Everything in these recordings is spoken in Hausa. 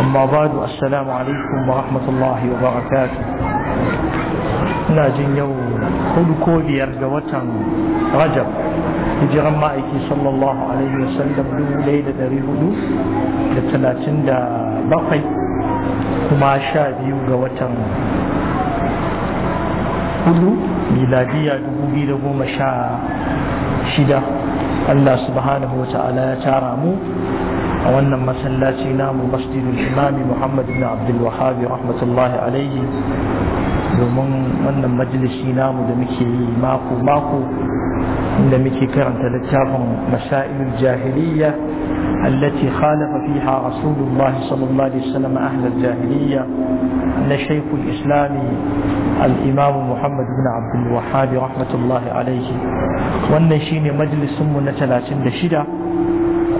amma badu assalamu alaikum wa rahmatullahi wa barakatuh ina jin yau hudu ko biyar ga watan rajab hijiran ma'aiki sallallahu alaihi wa sallam dubu ɗaya da ɗari hudu da talatin da bakwai kuma sha biyu ga watan hudu miladiya dubu biyu da goma sha shida Allah subhanahu wa ta'ala ya tara mu a wannan masallaci namu masjidul imami muhammad ibn abdul rahmatullahi alaihi domin wannan majalisi namu da muke yi mako mako inda muke karanta littafin masailul jahiliya التي خالف فيها رسول الله صلى الله عليه وسلم أهل الجاهلية أن شيخ الإسلام الإمام محمد بن عبد الوهاب رحمة الله عليه والنشين مجلس من ثلاثين شدة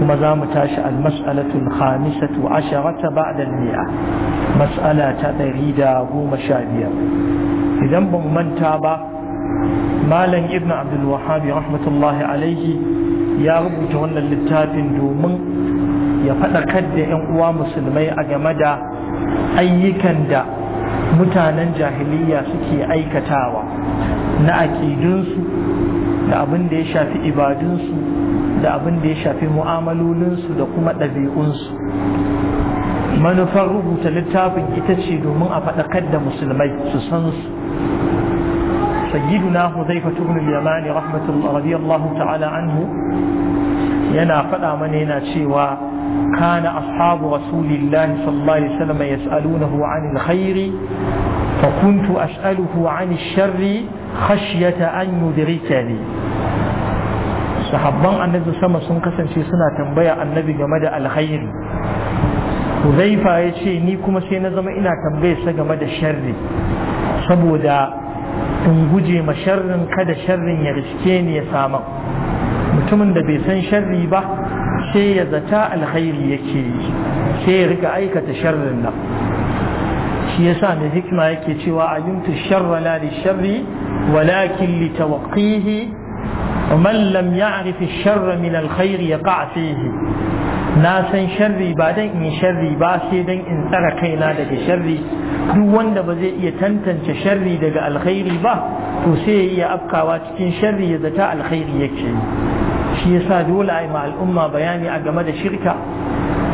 kuma za mu tashi almas'alatul khamisatu asharata ba'da al-mi'a mas'ala ta ɗari da goma sha biyar idan ba mu manta ba malam ibn abdul rahmatullahi alaihi ya rubuta wannan littafin domin ya faɗakar da 'yan uwa musulmai a game da ayyukan da mutanen jahiliya suke aikatawa na aƙidunsu da abin da ya shafi ibadunsu da abin da ya shafi mu'amalolinsu da kuma ɗabi'unsu manufar rubuta littafin ita ce domin a faɗakar da musulmai su san su sayyiduna huzaifa ibn al-yamani rahmatullahi radiyallahu ta'ala anhu yana faɗa mana yana cewa kana ashabu rasulillahi sallallahu alaihi wasallam yas'alunahu 'anil khairi فكنت أسأله عن الشر خشية أن يدركني sahabban annabi sama sun kasance suna tambaya annabi game da alkhairi Huzaifa ya ce ni kuma sai na zama ina tambaya sa game da sharri saboda in guje ma sharrin kada sharrin ya riske ni ya sama mutumin da bai san sharri ba sai ya zata alkhairi yake yi sai ya rika aikata sharrin nan shi yasa mai hikima yake cewa ayyumtu sharra la li sharri walakin li tawqihi ومن لم يعرف الشر من الخير يقع فيه na san sharri ba dan in sharri ba sai dan in tsara kaina daga sharri duk wanda ba zai iya tantance sharri daga alkhairi ba to sai ya iya afkawa cikin sharri ya zata alkhairi yake shi yasa dole a yi ma al'umma bayani a game da shirka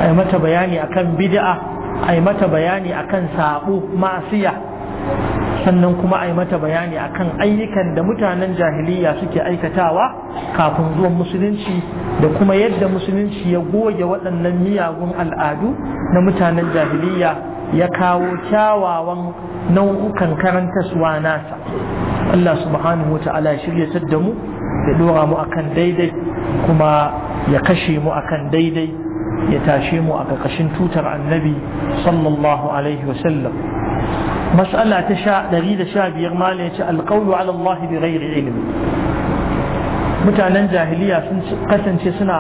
a mata bayani akan bid'a a mata bayani akan sabo masiya sannan kuma a yi mata bayani akan ayyukan da mutanen jahiliya suke aikatawa kafin zuwan musulunci da kuma yadda musulunci ya goge waɗannan miyagun al'adu na mutanen jahiliya ya kawo kyawawan nau'ukan karantaswa nasa Allah subhanahu wa ta'ala ya shirya da mu ya dora mu akan daidai kuma ya kashe mu akan daidai ya tashe mu a ƙarƙashin tutar annabi sallallahu alaihi sallam. مسألة تشاء دليل شابير ما ليش القول على الله بغير ilimi mutanen jahiliya sun kasance suna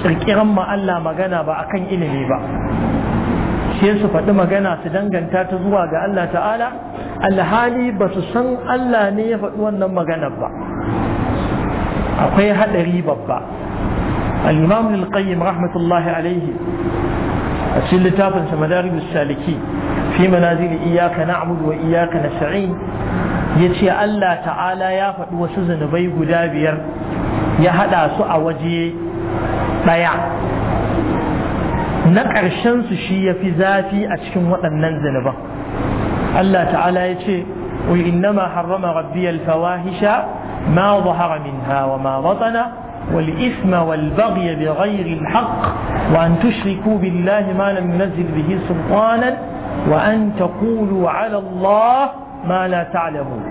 kirkiran ma Allah magana ba akan ilimi ba sai su faɗi magana su danganta ta zuwa ga Allah ta'ala alhali ba su san Allah ne ya faɗi wannan maganar ba akwai haɗari babba al-imam rahmatullahi alaihi a cikin littafin sa madaribus saliki fi manazili iyaka na'budu wa iyaka nasta'in yace Allah ta'ala ya faɗi wasu zanubai guda biyar ya hada su a waje daya na ƙarshen su shi yafi zafi a cikin waɗannan zanuban Allah ta'ala ya ce قل إنما حرم ربي الفواحش ما ظهر منها وما بطن والإثم والبغي بغير الحق وأن تشركوا بالله ما لم ينزل به سلطانا وأن تقولوا على الله ما ta تعلمون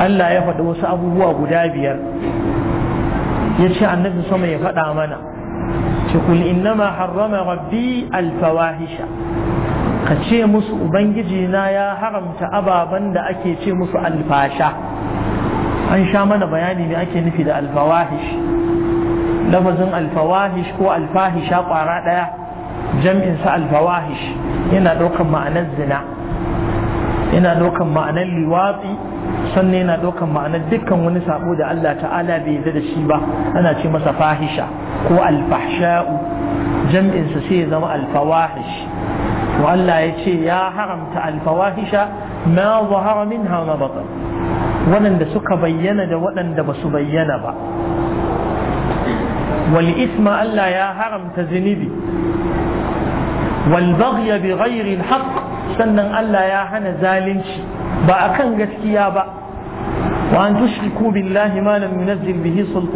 Allah ya faɗi wasu abubuwa guda biyar ya ce annabi sama ya faɗa mana ce kul innama harrama rabbi alfawahisha ka ce musu ubangiji na ya haramta ababen da ake ce musu alfasha an sha mana bayani ne ake nufi da alfawahish lafazin alfawahish ko alfahisha ƙwara ɗaya jam'in sa alfawahish yana ɗaukan ma'anar zina yana ɗaukan ma'anar liwatsi sannan yana ɗaukan ma'anar dukkan wani sabo da Allah ta'ala bai yarda da shi ba ana ce masa fahisha ko alfahsha'u jam'in sa sai ya zama alfawahish to Allah ya ce ya haramta alfawahisha ma zahara minha ma batan waɗanda suka bayyana da waɗanda ba su bayyana ba wal isma Allah ya haramta zunubi wal baghy bi sannan Allah ya hana zalunci ba akan gaskiya ba wa an tushriku billahi ma lam yunzil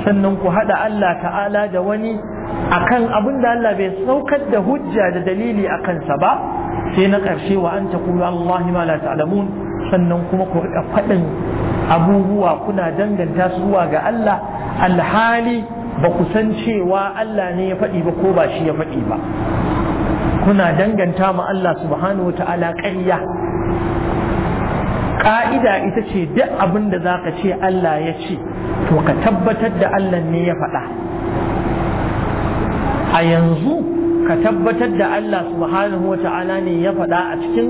sannan ku haɗa Allah ta'ala da wani akan abin da bai saukar da hujja da dalili a kansa ba sai na ƙarshe wa an taqulu Allah ma la ta'lamun sannan kuma ku rika faɗin abubuwa kuna danganta su zuwa ga Allah alhali ba ku san cewa Allah ne ya faɗi ba ko ba shi ya faɗi ba kuna danganta ma Allah subhanahu wa ta'ala ƙarya ƙa'ida ita ce duk abin da za ka ce Allah ya ce to ka tabbatar da Allah ne ya faɗa a yanzu ka tabbatar da Allah subhanahu wa ta'ala ne ya faɗa a cikin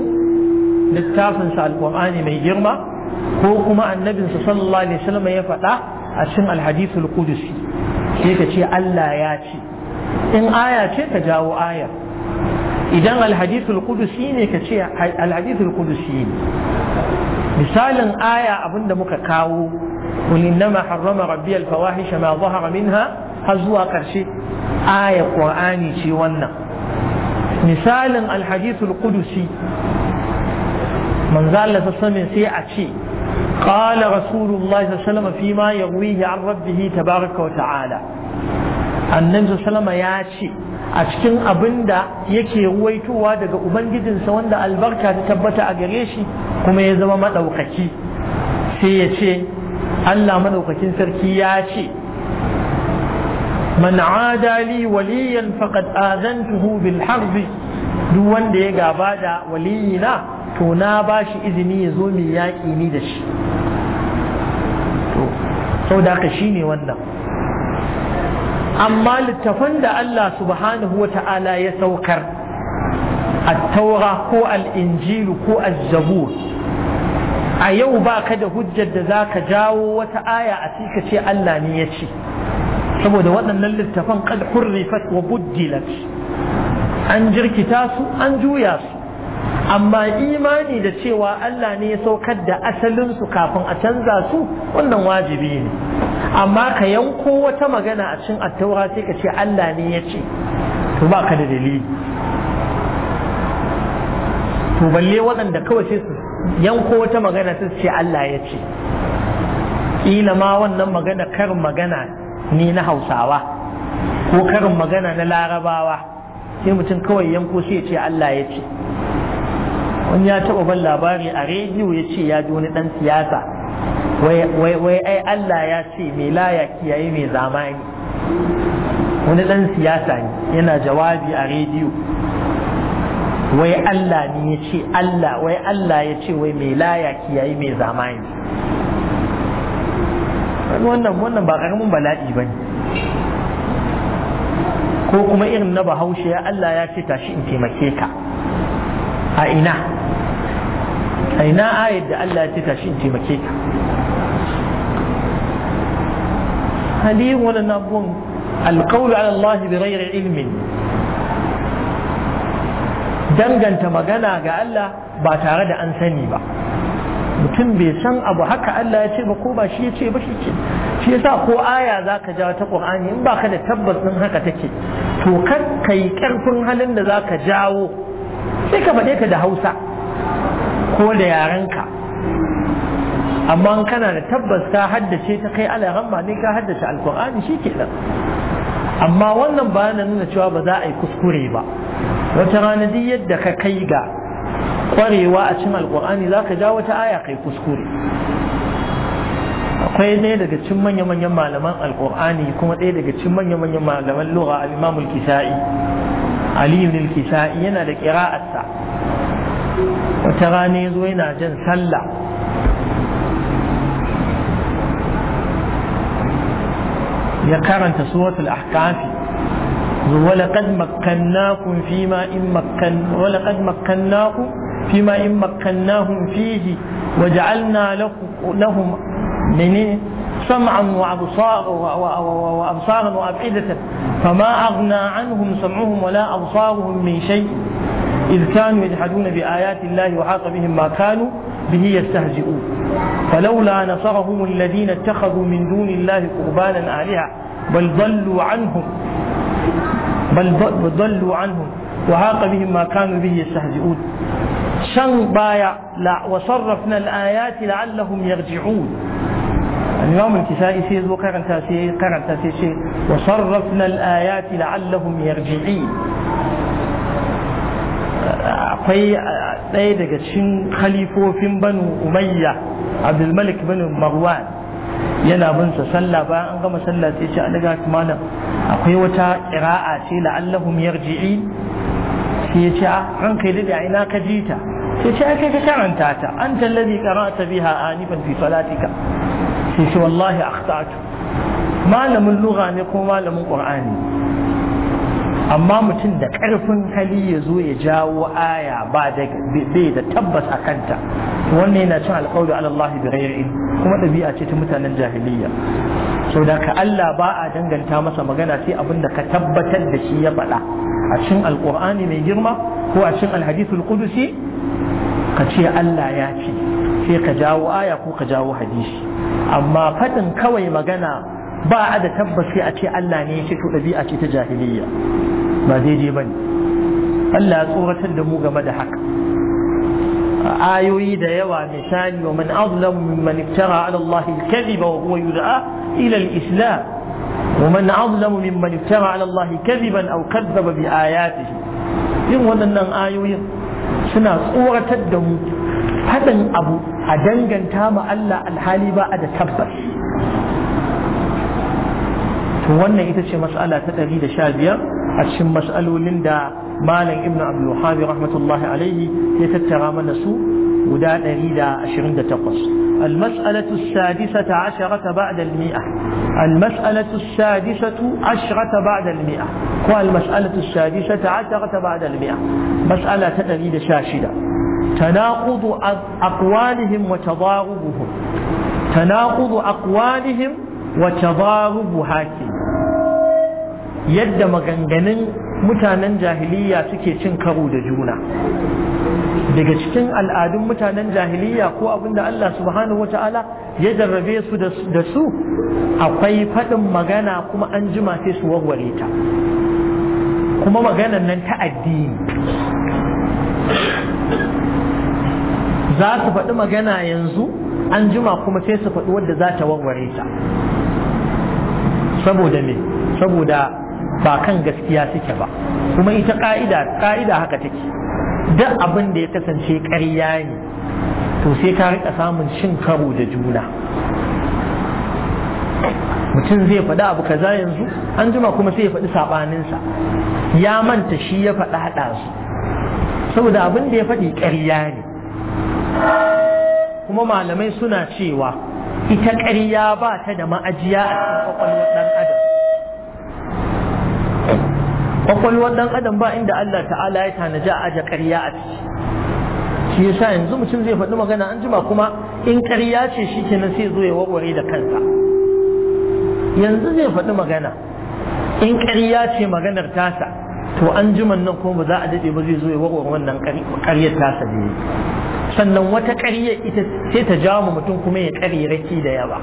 littafinsa alƙur'ani mai girma ko kuma annabinsa sallallahu alaihi wasallam ya faɗa a cikin alhadithul qudusi sai Allah ya ci in aya ce ka jawo aya idan alhadithul qudusi ne ka ce alhadithul misalin aya abinda muka kawo qul innama harrama rabbi alfawahisha ma zahara minha har zuwa karshe aya qur'ani ce wannan misalin alhadithul kudusi manzo Allah sai a ce قال رسول الله صلى الله عليه وسلم فيما يرويه عن ربه تبارك وتعالى annan sallama ya ce a cikin abin da yake ruwaitowa daga ubangijinsa wanda albarka ta tabbata a gare shi kuma ya zama maɗaukaki sai ya ce allah maɗaukakin sarki ya ce man adali waliyan faqad azantuhu bil harbi duk wanda ya gaba da waliyina to na ba shi izini ya zo mai yaƙi ni da shi to sau da shi ne wannan amma littafan da Allah subhanahu wa ta'ala ya saukar taura ko al'injilu ko azzabur a yau ba ka da hujjar da za ka jawo wata aya a cika ce Allah ne ya ce saboda waɗannan littafan kad hurrifat wa buddilat an jirkita su an juya su amma imani da cewa Allah ne ya saukar da asalinsu kafin a canza su wannan wajibi ne amma ka yanko wata magana a cikin attaura sai ka ce Allah ne ya ce to ba ka da dalili to balle waɗanda kawai sai su yanko wata magana sai su ce Allah ya ce ƙila ma wannan magana karin magana ne na hausawa ko karin magana na larabawa sai mutum kawai yanko sai ya ce Allah ya ce wani ya taɓa ban labari a rediyo ya ce ya ji wani ɗan siyasa wai ai Allah ya ce mai laya kiyaye mai zamani wani ɗan siyasa ne yana jawabi a rediyo wai Allah ne ya ce Allah wai Allah ya ce wai mai laya kiyaye mai zamani wannan wannan ba ƙaramin bala'i ba ne ko kuma irin na bahaushe ya Allah ya ce tashi in taimake ka a ina a ina ayar da Allah ya tashi in taimake ka hadiyin wani nabun alƙawlu ala Allah bi ghairi ilmin danganta magana ga Allah ba tare da an sani ba mutum bai san abu haka Allah ya ce ba ko ba shi ya ce ba shi ce shi ya sa ko aya za ka ja ta Qur'ani in ba ka da tabbas din haka take to kar kai karfin halin da za ka jawo sai ka faɗe ta da hausa ko da yarenka amma kana da tabbas ka haddace ta kai alaran ne ka haddace alkur'ani shi ke nan amma wannan ba na nuna cewa ba za a yi kuskure ba wata rana duk yadda ka kai ga kwarewa a cin alkur'ani za ka ja wata aya kai kuskure akwai ɗaya daga cikin manya-manyan malaman alkur'ani kuma ɗaya daga cikin manya-manyan malaman lura al-imamul kisa'i علي بن الكسائي ينا لقراءة سا وتغاني زوينا جن سلا يقارن سورة الأحكام ولقد مكناكم فيما إن مكن ولقد مكناكم فيما إن مكناهم فيه وجعلنا لهم منين إيه؟ سمعا وابصارا وأبصارا وأفئدة فما أغنى عنهم سمعهم ولا أبصارهم من شيء إذ كانوا يجحدون بآيات الله وحاق بهم ما كانوا به يستهزئون فلولا نصرهم الذين اتخذوا من دون الله قربانا آلهة بل ضلوا عنهم بل ضلوا عنهم وحاق بهم ما كانوا به يستهزئون شن بايع وصرفنا الآيات لعلهم يرجعون al-imam al-kisa'i sai zo karanta sai karanta sai ce wa sarrafna al-ayati la'allahum akwai ɗaya daga cikin khalifofin banu umayya abdul malik bin marwan yana bin sa bayan an gama sallah sai ce akwai wata qira'a ce la'allahum yarji'in sai ya ce ran kai da ina ka ji sai ce kai ka karanta ta anta allazi qara'ta biha anifan fi salatika sai wallahi akhtatu malamin lugha ne ko malamin qur'ani amma mutum da ƙarfin hali ya zo ya jawo aya ba da bai da tabbas a kanta wannan yana cin alƙawari ala Allah bi ghairi kuma ɗabi'a ce ta mutanen jahiliya saboda ka Allah ba a danganta masa magana sai abin da ka tabbatar da shi ya faɗa a cikin alƙur'ani mai girma ko a cikin alhadithul qudusi ka ce Allah ya ce sai ka jawo aya ko ka jawo hadisi amma faɗin kawai magana ba a da tabbas a ce Allah ne ya ce ɗabi'a ce ta jahiliya ba daidai ba ne Allah ya tsoratar da mu game da haka A ayoyi da yawa misali wa man azlam mimman iftara ala Allah kadhiba wa huwa yud'a ila al-islam wa man azlam mimman iftara ala Allah kadhiban aw kadhaba bi ayatihi yin wannan ayoyin suna tsoratar da mu faɗin abu a danganta ma Allah alhali ba a da tabbas to wannan ita ce mas'ala ta biyar. a cikin mas'alolin da malam ibn abdul rahmatullahi alaihi ya tattara mana su guda 128 المسألة السادسة عشرة بعد المئة المسألة السادسة عشرة بعد المئة والمسألة السادسة عشرة بعد المئة مسألة تدريد شاشدة تناقض أقوالهم وتضاربهم تناقض أقوالهم وتضارب yadda maganganun mutanen jahiliya suke cin karu da juna daga cikin al'adun mutanen jahiliya ko abin da Allah subhanahu wata'ala ya jarrabe su da su akwai faɗin magana kuma an jima sai su warware ta kuma maganan nan ta addini za su faɗi magana yanzu an jima kuma sai su faɗi wadda za ta warware ta saboda me saboda ba kan gaskiya suke ba kuma ita ƙa'ida ƙa'ida haka take duk abin da ya kasance ƙarya ne to sai ka rika samun shin karo da juna mutum zai faɗi abu kaza yanzu an jima kuma sai ya faɗi saɓaninsa ya manta shi ya faɗa haɗa su saboda abin da ya faɗi ƙarya ne kuma malamai suna cewa ita ƙarya ba ta da ma'ajiya a cikin kwakwalwar ɗan adam kwakwalwar ɗan adam ba inda Allah ta'ala ya tanaji a aje ƙarya a ciki shi yasa yanzu mutum zai faɗi magana an jima kuma in ƙarya ce shi kenan sai zo ya warware da kansa yanzu zai faɗi magana in ƙarya ce maganar tasa to an jiman nan kuma ba za a daɗe ba zai zo ya warware wannan ƙaryar tasa da sannan wata ƙarya ita sai ta jawo mutum kuma ya raki da yawa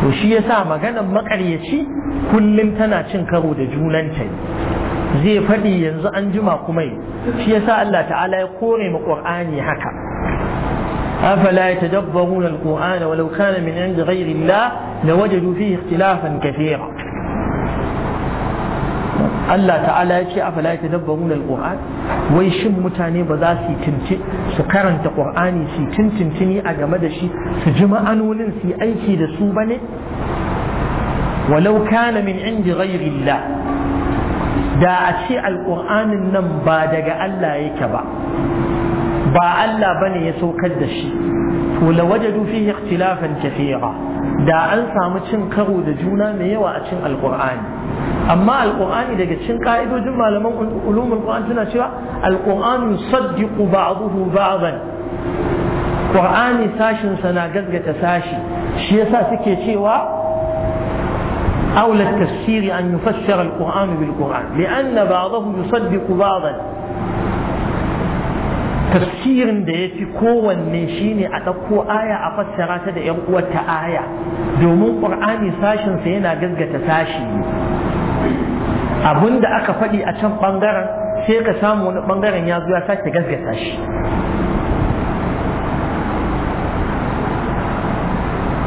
to shi sa maganar maƙaryaci kullum tana cin karo da junanta zai faɗi yanzu an jima kuma yi shi Allah ta'ala ya kore mu ƙur'ani haka afala yatadabbaruna al-Qur'ana walau kana min 'indi ghayri Allah lawajadu fihi ikhtilafan Allah ta'ala ya ce afala ta al alquran wai shin mutane ba za su tinti su karanta qur'ani su tintintini a game da shi su ji ma'anonin su yi aiki da su bane walau kana min indi ghairillah da a ce alqur'anin nan ba daga Allah yake ba ba Allah bane ya saukar da shi to lawajadu fihi ikhtilafan kathira da an samu cin karo da juna mai yawa a cin alkur'ani amma alkur'ani daga cin ka'idojin malaman ulumul qur'an suna cewa alkur'ani saddiqu ba'dahu ba'dan qur'ani sashin na gaggata sashi shi yasa suke cewa أولى التفسير an يفسر القرآن بالقرآن لأن بعضه يصدق بعضا tafsirin da ya fi kowanne shi ne a ɗauko aya a fassara ta da ‘yan uwarta aya domin ƙur'ani sashinsa yana gaggata sashi Abun da aka faɗi a can ɓangaren sai ka samu wani ɓangaren ya zo sake gaggata shi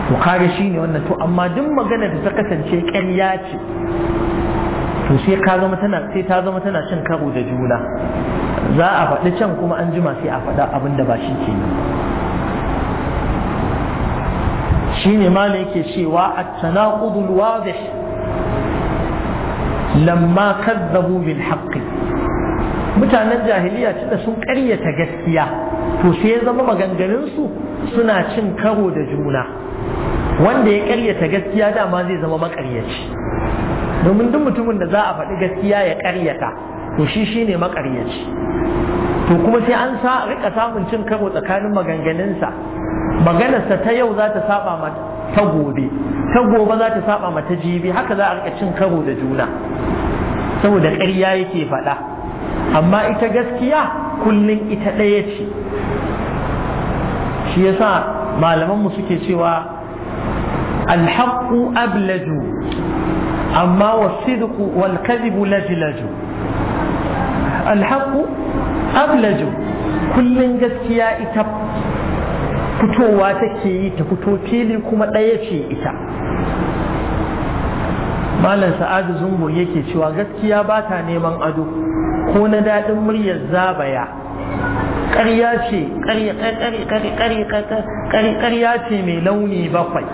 Ku kare shi ne wannan to amma duk magana da ta kasance ƙarya ce to sai ka zama tana sai ta zama tana cin karo da juna za a faɗi can kuma an jima sai a faɗa abin da ba shi ke yi shi ne ma yake cewa a tanaqudul wadih lamma kazzabu bil haqqi mutanen jahiliya tunda sun ƙaryata gaskiya to sai ya zama maganganunsu suna cin karo da juna wanda ya ƙaryata gaskiya dama zai zama maƙaryaci domin duk mutumin da za a faɗi gaskiya ya ƙaryata to shi shine maƙaryaci to kuma sai an sa rika samun cin karo tsakanin maganganunsa maganarsa ta yau za ta saba ma ta gobe ta gobe za ta saba ma ta jibi haka za a rika cin karo da juna saboda ƙarya yake faɗa amma ita gaskiya kullum ita ɗaya ce shi yasa malamanmu suke cewa alhaƙu ablaju amma wasidku wal kadhibu lajlaju alhaqu ablaju kullun gaskiya ita fitowa take yi fito fili kuma ɗaya ce ita malam sa'adu Zumbur yake cewa gaskiya ba ta neman ado ko na daɗin muryar zabaya ƙarya ce ƙarya ce mai launi bakwai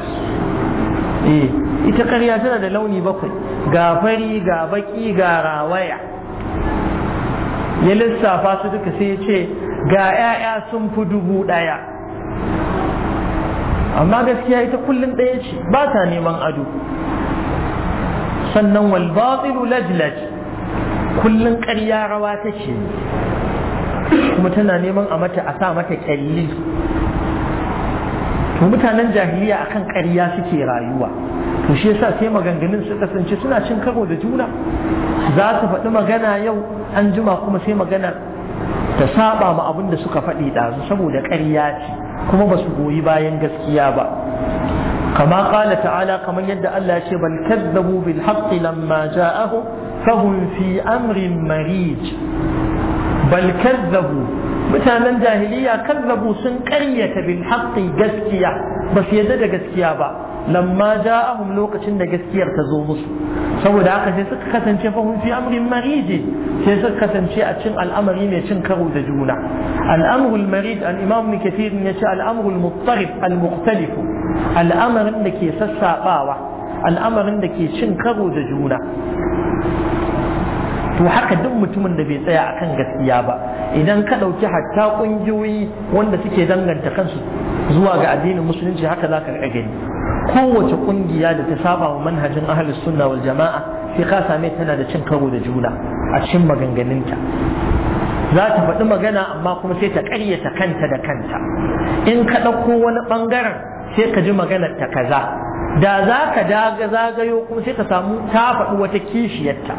ita ƙarya tana da launi bakwai ga fari ga baki ga rawaya ya lissafa su duka sai ya ce ga 'ya'ya sun fi dubu ɗaya amma gaskiya ita kullum ɗaya ce ba ta neman ado sannan wal lajlaj kullum ƙarya rawa ta ce kuma tana neman a mata a sa mata kyalli to mutanen jahiliya akan ƙarya suke rayuwa to shi yasa sai maganganun su kasance suna cin karo da juna za su faɗi magana yau an kuma sai magana ta saba ma abin da suka faɗi ɗazu saboda ƙarya ce kuma ba su goyi bayan gaskiya ba kama ƙala ta'ala kamar yadda Allah ce bal kadzabu bil haqqi lamma ja'ahu fahum fi amrin marij bal kadzabu mutanen jahiliya kadzabu sun ƙaryata bil haqqi gaskiya ba su yadda da gaskiya ba لما جاءهم لوك شنو قسكير تزوبس سوى داك شيء سكتن شيء فهم في أمر مريض شيء سكتن شيء أشن الأمر يمي أشن كرو تجولا الأمر المريض الإمام ابن كثير من يشاء الأمر المضطرب المختلف الأمر إنك يسسى باوة الأمر إنك يشن كرو تجولا وحق دم متمن نبي سيا أكن قسكيابا إذا كانوا تحت تاقن جوي وانا سكي دنگا تخنسو zuwa ga addinin musulunci haka za ka gani kowace ƙungiya da ta saba wa manhajin ahlus sunna wal jama'a sai ka same tana da cin karo da juna a cikin maganganunta za ta faɗi magana amma kuma sai ta ƙaryata kanta da kanta in ka ɗauko wani ɓangaren sai ka ji maganar ta kaza da za ka daga zagayo kuma sai ka samu ta faɗi wata kishiyarta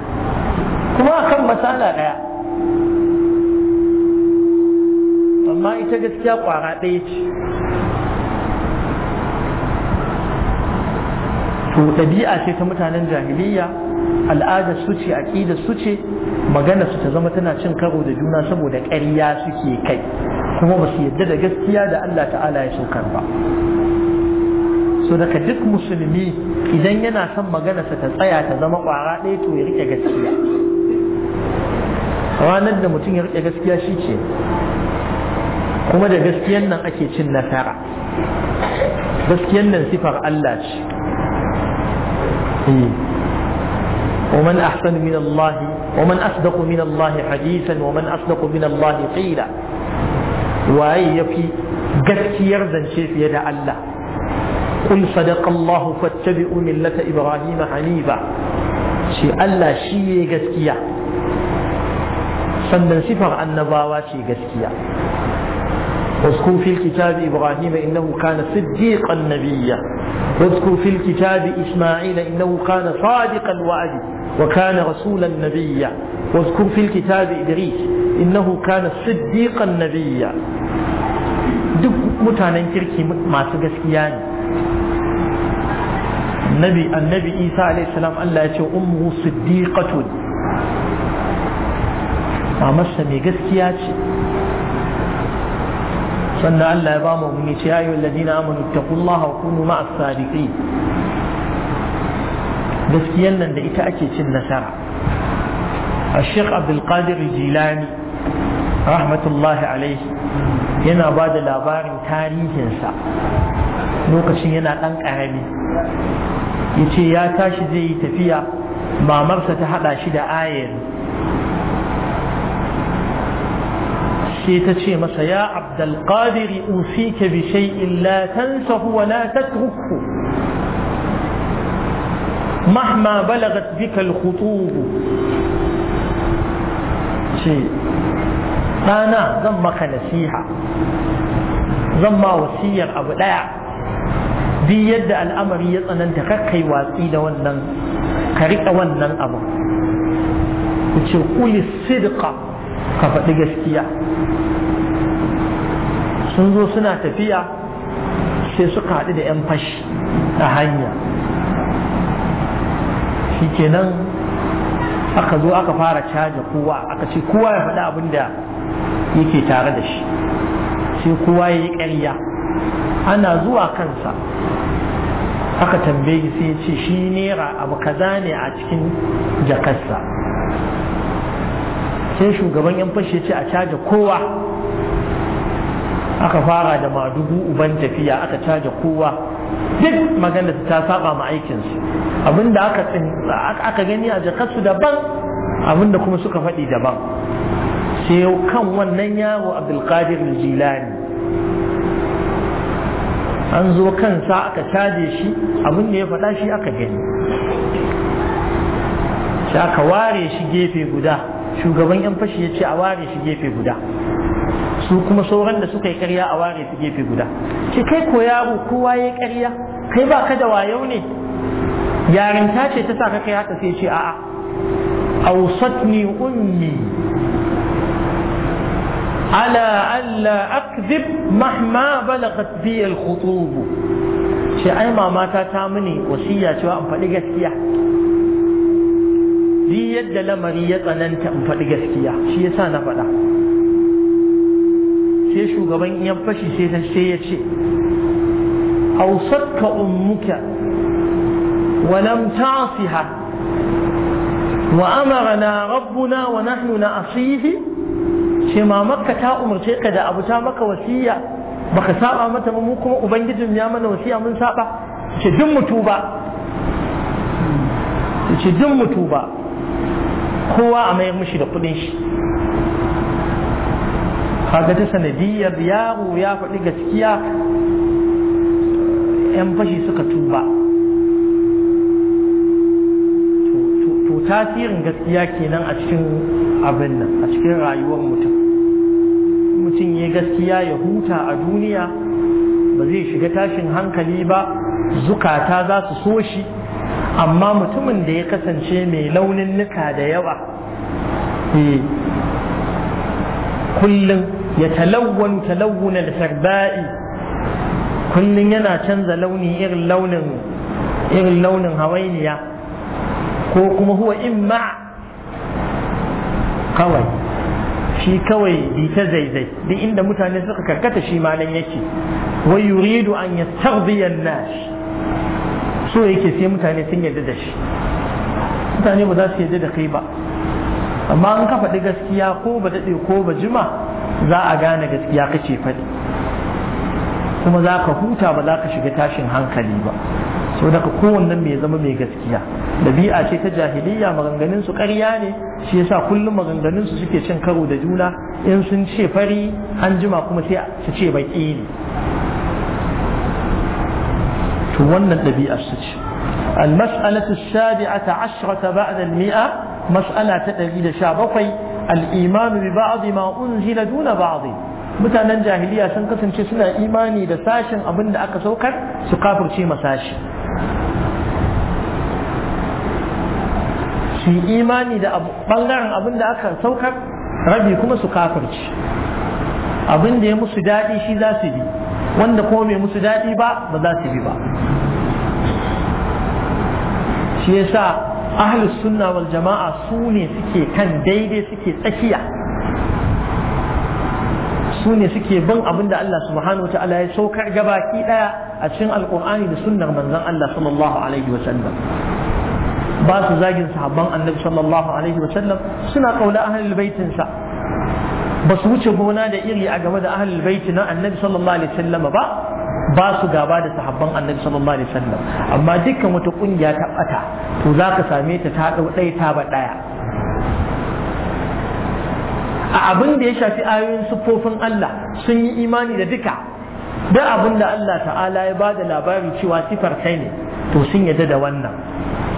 kuma akan matsala ɗaya amma ita gaskiya ƙwara ɗaya ce to ɗabi'a ce ta mutanen jahiliya al'adar su ce aƙidar su ce magana su ta zama tana cin karo da juna saboda ƙarya suke kai kuma ba su yadda da gaskiya da Allah ta'ala ya saukar ba so daga duk musulmi idan yana son maganarsa ta tsaya ta zama ƙwara ɗaya to ya riƙe gaskiya ranar da mutum ya riƙe gaskiya shi ce kuma da gaskiyan nan ake cin nasara gaskiyan nan sifar Allah ce ومن أحسن من الله ومن أصدق من الله حديثا ومن أصدق من waye ya fi gaskiyar zance fiye da Allah kun sadaka Allah fattabi'u millata Ibrahim hanifa shi Allah shi ne gaskiya sannan sifar annabawa ce gaskiya واذكر في الكتاب إبراهيم إنه كان صديقا نبيا واذكر في الكتاب إسماعيل إنه كان صادق الوعد وكان رسولا نبيا واذكر في الكتاب إدريس إنه كان صديقا نبيا دك mutanen kirki masu gaskiya النبي النبي عيسى عليه السلام salam Allah ya ce ummu siddiqatun mamarsa mai sannan Allah ya ba mu mun ce ayyul ladina amanu taqullaha wa kunu ma'as sadiqin gaskiyan nan da ita ake cin nasara الشيخ عبد القادر الجيلاني رحمة الله عليه yana ba da labarin tarihinsa lokacin yana ɗan ƙarami ya ce ya tashi zai yi tafiya mamarsa ta haɗa shi da ayari sai ta ce masa ya abdalqadiri usika bi shay'in la tansahu wa la tatruku mahma balagat bika alkhutub ce dana zan maka nasiha zan ma wasiyar abu daya duk yadda al'amari ya tsananta kakkai watsi da wannan ka riƙa wannan abu ku ce kuli sidqa ka faɗi gaskiya sun zo suna tafiya sai suka haɗu da 'yan fashi a hanya shi kenan aka zo aka fara caja kowa aka ce kowa ya faɗi abin da yake tare da shi sai kowa ya yi ƙarya ana zuwa kansa aka tambaye sai ya ce shi nera abu kaza ne a cikin jakarsa sai shugaban yan fashi ce a caja kowa aka fara da madugu uban tafiya aka caja kowa duk magana ta saba ma aikinsu abinda aka aka gani a jakarsu daban abinda kuma suka faɗi daban sai kan wannan yaro abdulkadir jilani an zo kansa aka caje shi abin da ya faɗa shi aka gani sai aka ware shi gefe guda shugaban yan fashi ya ce a ware shi gefe guda su kuma sauran da suka yi karya a ware su gefe guda ce kai ko yaro kowa ya karya kai ba ka da wayo ne yarinta ce ta sa ka kai haka sai ce a'a awsatni ummi ala alla akzib mahma balagat bi al-khutub ce ai mamata ta mini wasiya cewa in faɗi gaskiya duk yadda lamari ya tsananta in faɗi gaskiya shi sa na faɗa sai shugaban yan fashi sai ta sai ya ce ausatka ummuka wa lam ta'siha wa na rabbuna wa nahnu na'sihi ce mamakka ta umarce ka da abu ta maka wasiya baka saba mata ba mu kuma ubangijin ya mana wasiya mun saba ce duk mutu ba ce duk mutu ba kowa a mayar mushi da kuɗin shi kaga ta sanadiyar yaro ya faɗi gaskiya yan fashi suka tuba to tasirin gaskiya kenan a cikin abin nan a cikin rayuwar mutum mutum ya gaskiya ya huta a duniya ba zai shiga tashin hankali ba zukata za su so shi amma mutumin da ya kasance mai launin nuka da yawa eh, kullum ya talawwan talawun sarbai kullum yana canza launi irin launin irin launin hawainiya ko kuma huwa imma kawai shi kawai bi ta zaizai duk inda mutane suka karkata shi malam yake wai yuridu an yastarbiya nashi. so yake sai mutane sun yarda da shi mutane ba za su yarda da kai ba amma an ka faɗi gaskiya ko ba daɗe ko ba jima za a gane gaskiya kace faɗi kuma za ka huta ba za ka shiga tashin hankali ba so daga kowanne mai zama mai gaskiya ɗabi'a ce ta jahiliya maganganun su ƙarya ne shi yasa kullum maganganun su suke cin karo da juna in sun ce fari an jima kuma sai su ce baƙi ne to wannan ɗabi'a su ce ta sabi'a المسألة mas'ala ta ɗari da sha bakwai. شابقي الإيمان ببعض ما أنزل دون بعض mutanen jahiliya sun kasance suna imani da sashen abin da aka saukar su kafirce ma sashi su imani da bangaren abin da aka saukar rabi kuma su kafirce abin da ya musu daɗi shi za su bi wanda ko mai musu daɗi ba ba za su bi ba shi yasa ahlus sunna wal jama'a su ne suke kan daidai suke tsakiya su ne suke bin abin da Allah subhanahu ta'ala ya saukar gabaki daya a cikin alkur'ani da sunnar manzon Allah sallallahu alaihi wa sallam ba su zagin sahabban annabi sallallahu alaihi wa sallam suna kaula ahlul baitin sa ba su wuce gona da iri a game da ahlul baiti na annabi sallallahu alaihi wasallam ba ba su gaba da sahabban annabi sallallahu alaihi wasallam amma dukkan wata kungiya ta bata to zaka same ta ta dau dai ta ba daya a abin da ya shafi ayoyin siffofin Allah sun yi imani da duka da abin da Allah ta'ala ya ba da labari cewa sifar kai ne to sun yadda da wannan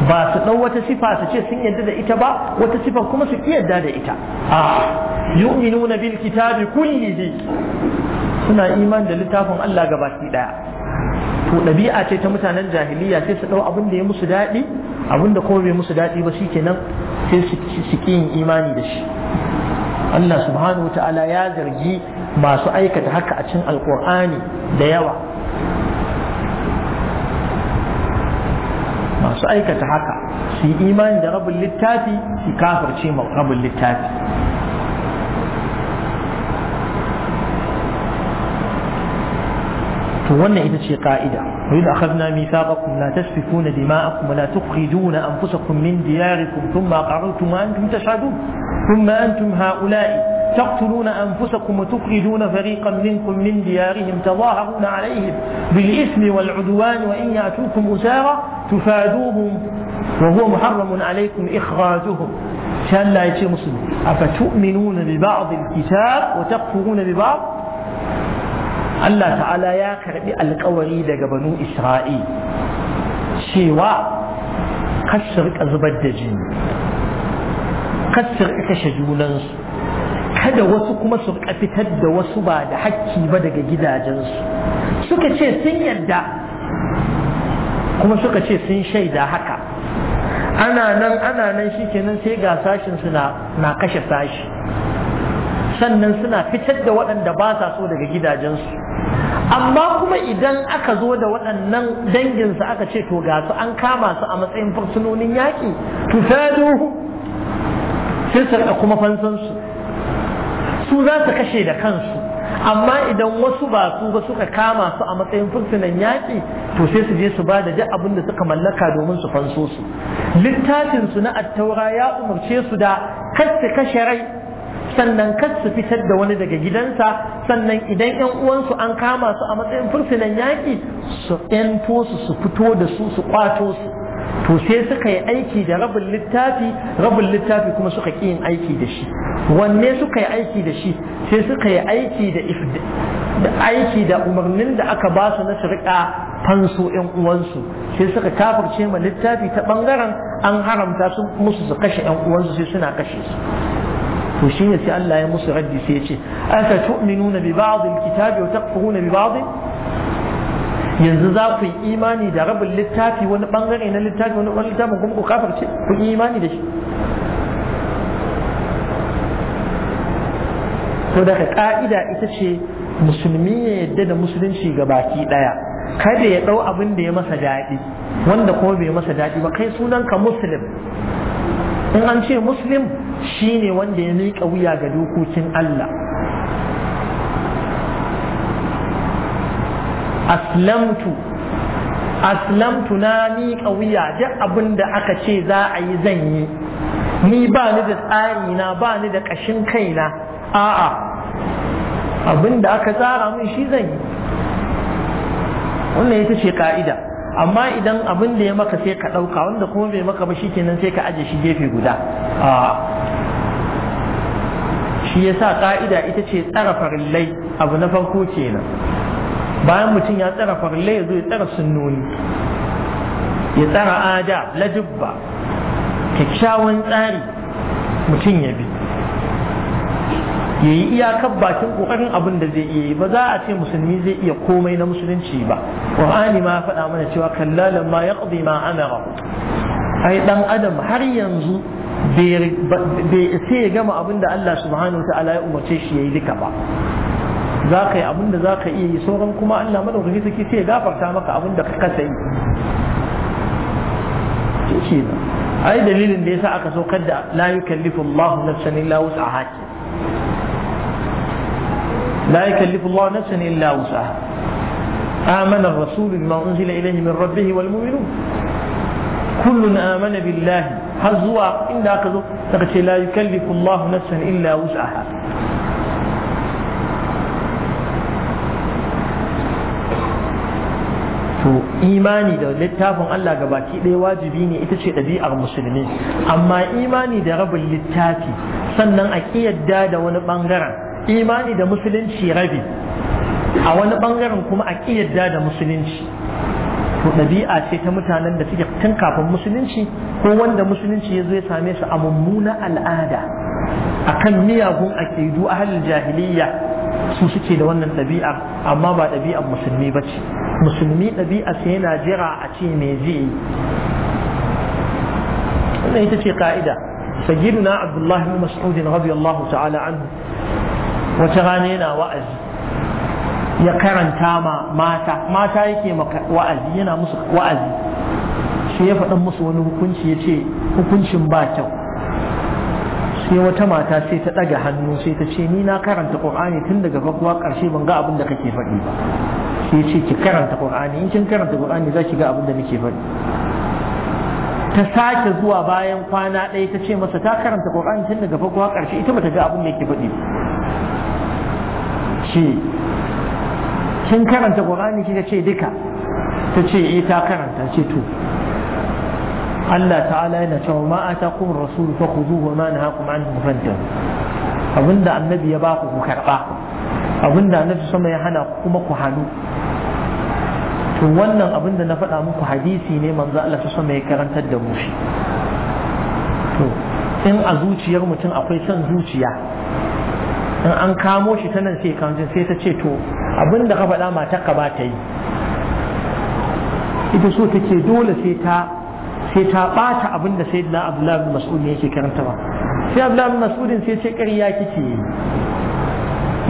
ba su ɗau wata sifa su ce sun yarda da ita ba wata sifa kuma su yarda da ita a yu'minuna bil kitabi kullihi suna iman da littafin Allah ga ɗaya. daya to ɗabi'a ce ta mutanen jahiliya sai su ɗau abin da ya musu daɗi abin da kuma bai musu daɗi ba shikenan sai su ki yin imani da shi Allah subhanahu wa ta'ala ya zargi masu aikata haka a cikin alkur'ani da yawa kan su aikata haka su yi imani da rabin littafi su kafirce ma rabin littafi to wannan ita ce ka'ida وإذ أخذنا ميثاقكم لا تسفكون دماءكم ولا تخرجون أنفسكم من دياركم ثم أقررتم وأنتم تشهدون ثم أنتم هؤلاء تقتلون أنفسكم وتخرجون فريقا منكم من ديارهم تظاهرون عليهم بالإثم والعدوان وإن يأتوكم أسارى تفادوهم وهو محرم عليكم إخراجهم شان لا يتي مسلم أفتؤمنون ببعض الكتاب وتكفرون ببعض الله تعالى يا كربي القوري دغ بنو إسرائيل شيوا كسر zubar da كسر kasar نصر kada wasu kuma su fitar da wasu ba da hakki ba daga gidajensu suka ce sun yadda kuma suka ce sun shaida haka ana nan ana nan shikenan sai ga sashin su na kashe sashi sannan suna fitar da waɗanda ba sa so daga gidajensu amma kuma idan aka zo da waɗannan danginsu aka ce to gasu an kama su a matsayin fursunonin yaƙi to sai su kuma fansansu su za su kashe da kansu amma idan wasu ba su ba suka kama su a matsayin fursunan yaƙi to sai su je su ba da duk abin da suka mallaka domin su fanso su littafin su na attaura ya umarce su da kar su kashe rai sannan kar su fitar da wani daga gidansa sannan idan yan uwansu an kama su a matsayin fursunan yaƙi su ƴanto su su fito da su su kwato su to sai suka yi aiki da rabin littafi rabin littafi kuma suka ƙi yin aiki da shi wanne suka yi aiki da shi sai suka yi aiki da aiki da umarnin da aka ba su na su riƙa fanso ‘yan uwansu sai suka kafirce ma littafi ta ɓangaren an haramta su musu su kashe ‘yan uwansu sai suna kashe su to shi ne sai Allah ya musu raddi sai ya ce asa tu'minuna bi ba'd al-kitabi wa takfuruna bi ba'd yanzu za ku yi imani da rabin littafi wani bangare na littafi wani littafin kuma ku kafirce ku yi imani da shi to daga ka'ida ita ce musulmi ya yadda da musulunci ga baki ɗaya, kada ya dau abin da ya masa daɗi wanda kuma bai masa daɗi ba kai sunan ka muslim in an ce muslim shine wanda ya miƙa wuya ga dokokin Allah aslamtu aslamtu na miƙa wuya duk abin da aka ce za a yi zan yi ni ba ni da tsari na ba ni da ƙashin kaina a'a abin da aka tsara min shi zan yi wannan ita ce ka'ida amma idan abin da ya maka sai ka ɗauka wanda kuma bai maka ba shikenan sai ka aje shi gefe guda shi ya sa ka'ida ita ce tsara farillai abu na farko kenan bayan mutum ya tsara farillai ya zo ya tsara sunnoni ya tsara ada lajibba kyakkyawan tsari mutum ya bi ya yi iyakar bakin kokarin abin da zai iya yi ba za a ce musulmi zai iya komai na musulunci ba qur'ani ma faɗa mana cewa kallalan ma yaqdi ma amara ai dan adam har yanzu bai sai ya gama abin da Allah subhanahu wa ta'ala ya umarce shi yayi duka ba za ka yi abin da za ka iya yi sauran kuma Allah madaukaki saki sai ya gafarta maka abin da ka kasa yi ai dalilin da yasa aka saukar da la yukallifu Allahu nafsan illa wus'aha لا يكلف الله نفسا إلا وسعها آمن الرسول بما أنزل إليه من ربه والمؤمنون كل آمن بالله هزوا إن أخذوا تقتل لا يكلف الله نفسا إلا وسعها to imani da littafin Allah gabaki ɗaya wajibi ne ita ce ɗabi'ar musulmi amma imani da rabin littafi sannan a ƙiyadda da wani ɓangaren imani da musulunci rabi a wani bangaren kuma a kiyarda da musulunci to ɗabi'a ce ta mutanen da suke tun kafin musulunci ko wanda musulunci ya zo ya same su a mummuna al'ada akan miyagun aƙidu a halin jahiliya su suke da wannan ɗabi'a amma ba ɗabi'ar musulmi ba ce musulmi ɗabi'a sai yana jira a ce me zai yi ita ce ka'ida sayyiduna abdullahi mas'udin radiyallahu ta'ala anhu wata rana yana wa'azi ya karanta ma mata mata yake wa'azi yana musu wa'azi sai ya faɗin musu wani hukunci ya ce hukuncin ba kyau sai wata mata sai ta ɗaga hannu sai ta ce ni na karanta ƙur'ani tun daga farko ƙarshe ban ga abin da kake faɗi ba sai ce ki karanta ƙur'ani in kin karanta ƙur'ani za ki ga abin da nake faɗi ta sake zuwa bayan kwana ɗaya ta ce masa ta karanta ƙur'ani tun daga farko ƙarshe ita bata ga abin da yake faɗi ba ce kin karanta qur'ani kika ce duka ta ce eh ta karanta ce to Allah ta'ala yana cewa ma atakum rasul fa khudhuhu wa ma nahakum anhu fantahu abinda annabi ya baku ku karba abinda annabi sama ya hana ku kuma ku hannu to wannan abinda na faɗa muku hadisi ne manzo Allah ta sama ya karantar da mu shi to in a zuciyar mutum akwai son zuciya in an kamo shi ta nan sai kamjin sai ta ce to abinda ka faɗa matar ka ba ta yi ita so take dole sai ta sai ta ɓata abinda sai na abdullahi bin mas'ud yake karanta ba sai abdullahi bin mas'udin sai ce ƙarya kike yi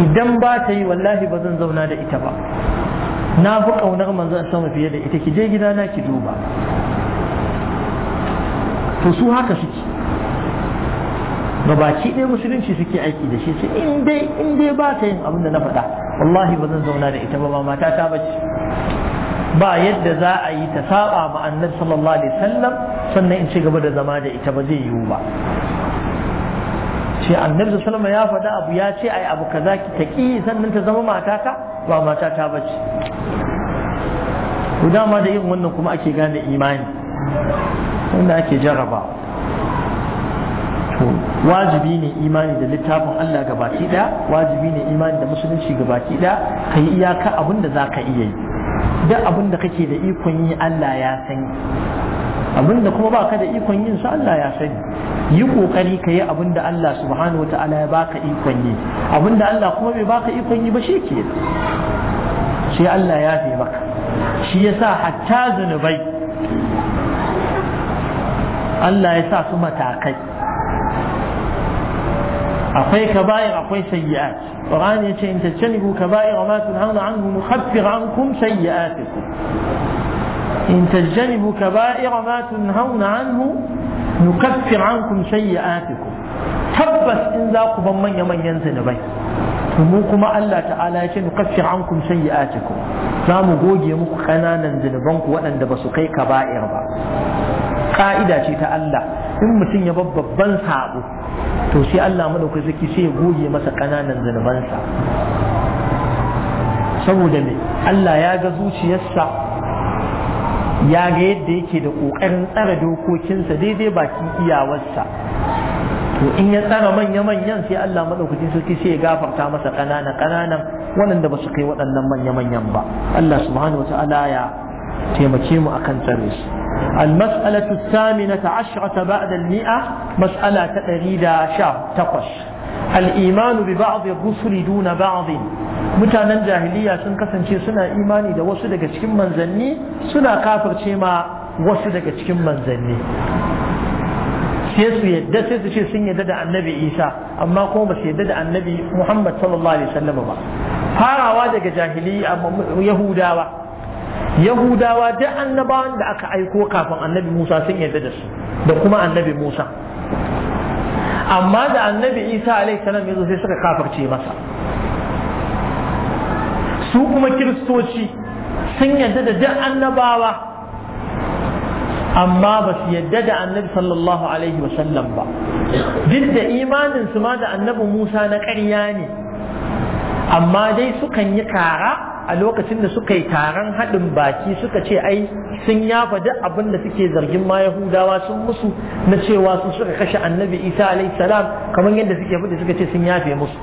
idan ba ta yi wallahi ba zan zauna da ita ba na fi ƙaunar manzon sama fiye da ita ki je gidana ki duba to su haka suke gabaci ɗaya musulunci suke aiki da shi ce in dai in dai ba ta yin abin da na faɗa wallahi ba zan zauna da ita ba ba mata ta bace ba yadda za a yi ta saba ma annabi sallallahu alaihi wasallam sannan in ci gaba da zama da ita ba zai yiwu ba ce annabi sallallahu ya faɗa abu ya ce ai abu kaza ki ta ki sannan ta zama matata ba matata bace to dama da yin wannan kuma ake gane imani wanda ake jarabawa wajibi ne imani da littafin Allah gabaki da wajibi ne imani da musulunci gabaki daya ka yi iyaka abin da za ka iya yi duk abin da kake da ikon yi Allah ya sani abin da kuma baka da ikon yin sa Allah ya sani yi kokari ka yi abin da Allah subhanahu wa ta'ala ya baka ikon yi abin da Allah kuma bai baka ikon yi ba shi ke sai Allah ya fi baka shi yasa hatta zunubai Allah ya sa su matakai akwai kaba'ir akwai sayyi'at Qur'an ya ce in tajtanibu kaba'ir ma tunhauna anhu nukhaffir ankum sayyi'atikum in tajtanibu kaba'ir ma tunhauna anhu nukaffir ankum sayyi'atikum tabbas in za ku ban manya manyan zinubai mu kuma Allah ta'ala ya ce nukaffir ankum sayyi'atikum za mu goge muku kananan zinuban ku waɗanda ba su kai kaba'ir ba ka'ida ce ta Allah in mutum ya babban sabo to sai Allah madaukai sai ya goge masa kananan zanubansa saboda me Allah ya ga zuciyarsa ya ga yadda yake da kokarin tsara dokokinsa daidai bakin iyawarsa to in ya tsara manya-manyan sai Allah madaukakin sarki sai ya gafarta masa kanana Kananan waɗanda ba su kai waɗannan manya-manyan ba Allah subhanahu wa ta'ala ya taimake mu akan tsare su المسألة الثامنة عشرة بعد المئة مسألة تأريد شهر تقش الإيمان ببعض الرسل دون بعض mutanen jahiliya sun kasance suna imani da wasu daga cikin manzanni suna kafirce ma wasu daga cikin manzanni sai su yadda sai su ce sun yadda da annabi isa amma kuma ba su yadda da annabi muhammad sallallahu alaihi wasallam ba farawa daga jahiliya yahudawa yahudawa da annabawan da aka aiko kafin annabi musa sun yarda da su da kuma annabi musa amma da annabi isa alaihi salam yazo sai suka kafarce masa su kuma kiristoci sun yarda da duk annabawa amma ba su yarda da annabi sallallahu alaihi wasallam ba duk da imanin ma da annabi musa na ƙarya ne amma dai sukan yi kara a lokacin da suka yi taron haɗin baki suka ce ai sun yafa duk abin da suke zargin ma yahudawa sun musu na cewa sun suka kashe annabi isa alaihi salam kamar yadda suke fada suka ce sun yafe musu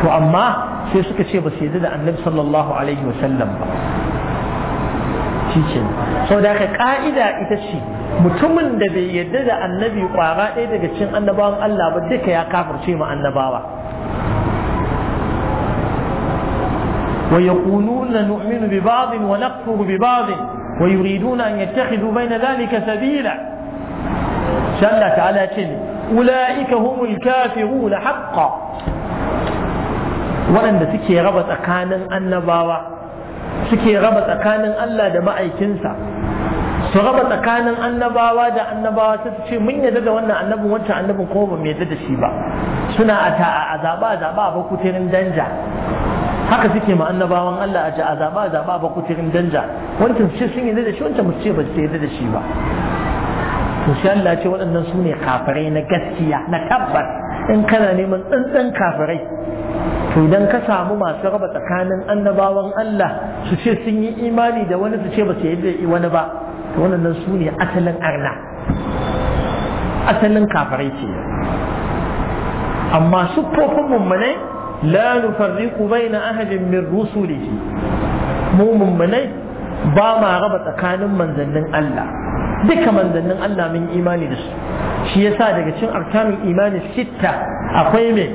to amma sai suka ce ba su yadda da annabi sallallahu alaihi wasallam ba shi ce sau da haka ka'ida ita ce mutumin da bai yadda da annabi kwara ɗaya daga cikin annabawan Allah ba duka ya kafirce ma annabawa ويقولون نؤمن ببعض ونكفر ببعض ويريدون أن يتخذوا بين ذلك سبيلا شلت على كل أولئك هم الكافرون حقا وأن سكي ربط أكانا أن بابا سكي ربط أكانا أن لا دمعي كنسا فربط أكانا أن بابا دا أن بابا ستشي من يدد وأن أن بابا وانت أن بابا قوبا ميدد الشيبا سنا أتاء عذابا عذابا بكتير دنجا haka suke ma annabawan Allah a ji a zaba zaba ba kuturin danja wancan shi sun yarda da shi wancan musu ce ba su yarda da shi ba to sai Allah ce waɗannan su ne kafirai na gaskiya na tabbas in kana neman tsantsan kafirai to idan ka samu masu raba tsakanin annabawan Allah su ce sun yi imani da wani su ce ba su yarda wani ba to waɗannan su ne asalin arna asalin kafirai ce amma su siffofin mummunai la nufarriqu baina ahadin min rusulihi mu mummunai ba ma raba tsakanin manzannin Allah duka manzannin Allah mun imani da su shi yasa daga cikin arkanin imani sitta akwai me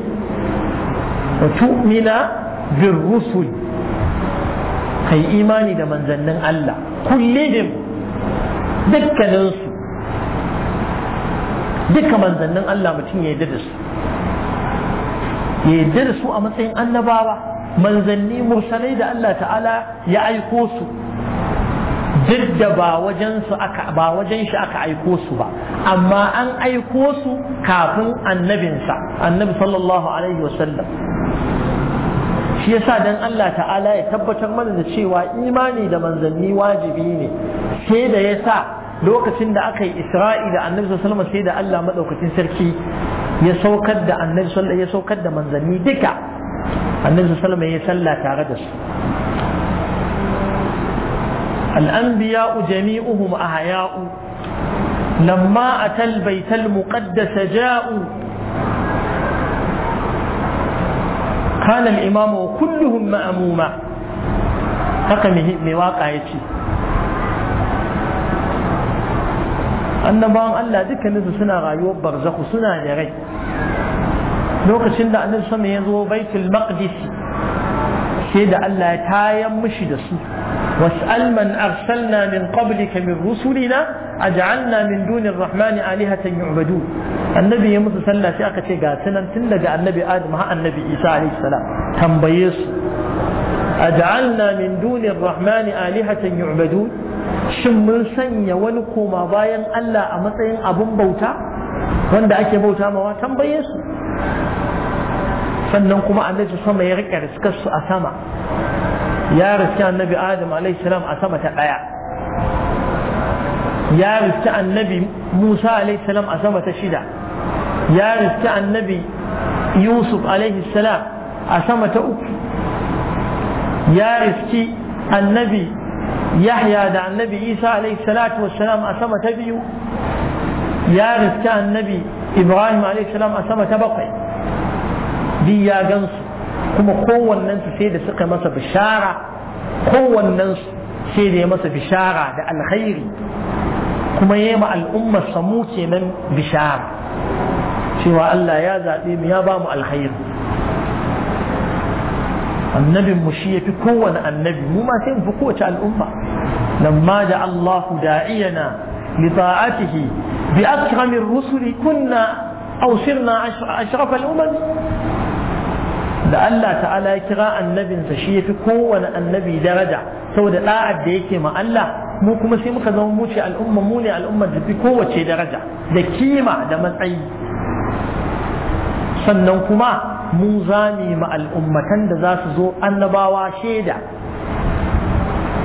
wa tu'mina bir rusul kai imani da manzannin Allah kullihim dukkaninsu duka manzannin Allah mutum ya yarda da ya yadda da su a matsayin annabawa manzanni mursalai da Allah ta'ala ya aiko su duk da ba wajen shi aka aiko su ba amma an aiko su kafin annabinsa annabi sallallahu alaihi wasallam shi yasa dan Allah ta'ala ya tabbatar mana da cewa imani da manzanni wajibi ne sai da yasa lokacin da aka yi isra'i da annabi sallallahu alaihi wasallam sai da Allah maɗaukacin sarki ya saukar da annabi sallallahu ya saukar da manzanni duka annabi sallallahu ya salla tare da su الأنبياء جميعهم أحياء لما أتى البيت المقدس جاءوا قال الإمام وكلهم مأمومة haka mai waƙa ya ce annabawan Allah dukkaninsu suna rayuwar barzaku suna da rai lokacin da annabi sama ya zo baitul maqdis sai da Allah ya tayan mishi da su was'al man arsalna min qablika min rusulina aj'alna min dunir rahmani alihatan yu'badu annabi ya musu sallah sai aka ce ga tunan tun daga annabi adam har annabi isa alaihi salam tambaye su aj'alna min dunir rahmani alihatan yu'badu shin mun sanya wani koma bayan Allah a matsayin abin bauta wanda ake bauta mawa tambaye su sannan kuma annabi sama ya rike riskar su a sama ya riski annabi adam salam a sama ta daya ya riski annabi musa salam a sama ta shida ya riski annabi yusuf salam a sama ta uku ya riski annabi yahya da annabi isa alaihi salatu wassalam a sama ta biyu ya riska annabi ibrahim alaihi salam a sama ta bakwai bi ya gansu kuma kowannensu sai da suka masa bishara kowannensu sai da ya masa bishara da alkhairi kuma ya ma al'ummar samu kenan bishara cewa Allah ya zaɓe mu ya ba mu alkhairi annabin mu shi fi kowane annabi mu ma sai fi kowace al'umma lamma da Allahu da'iyana li ta'atihi bi akramir rusuli kunna aw ashraf al da Allah ta'ala ya kira annabinsa shi yafi kowane annabi daraja saboda da'ar da yake ma Allah mu kuma sai muka zama mu ce al'umma mu ne al'umma da fi kowace daraja da kima da matsayi sannan kuma mu za mu ma al'ummatan da za su zo annabawa shaida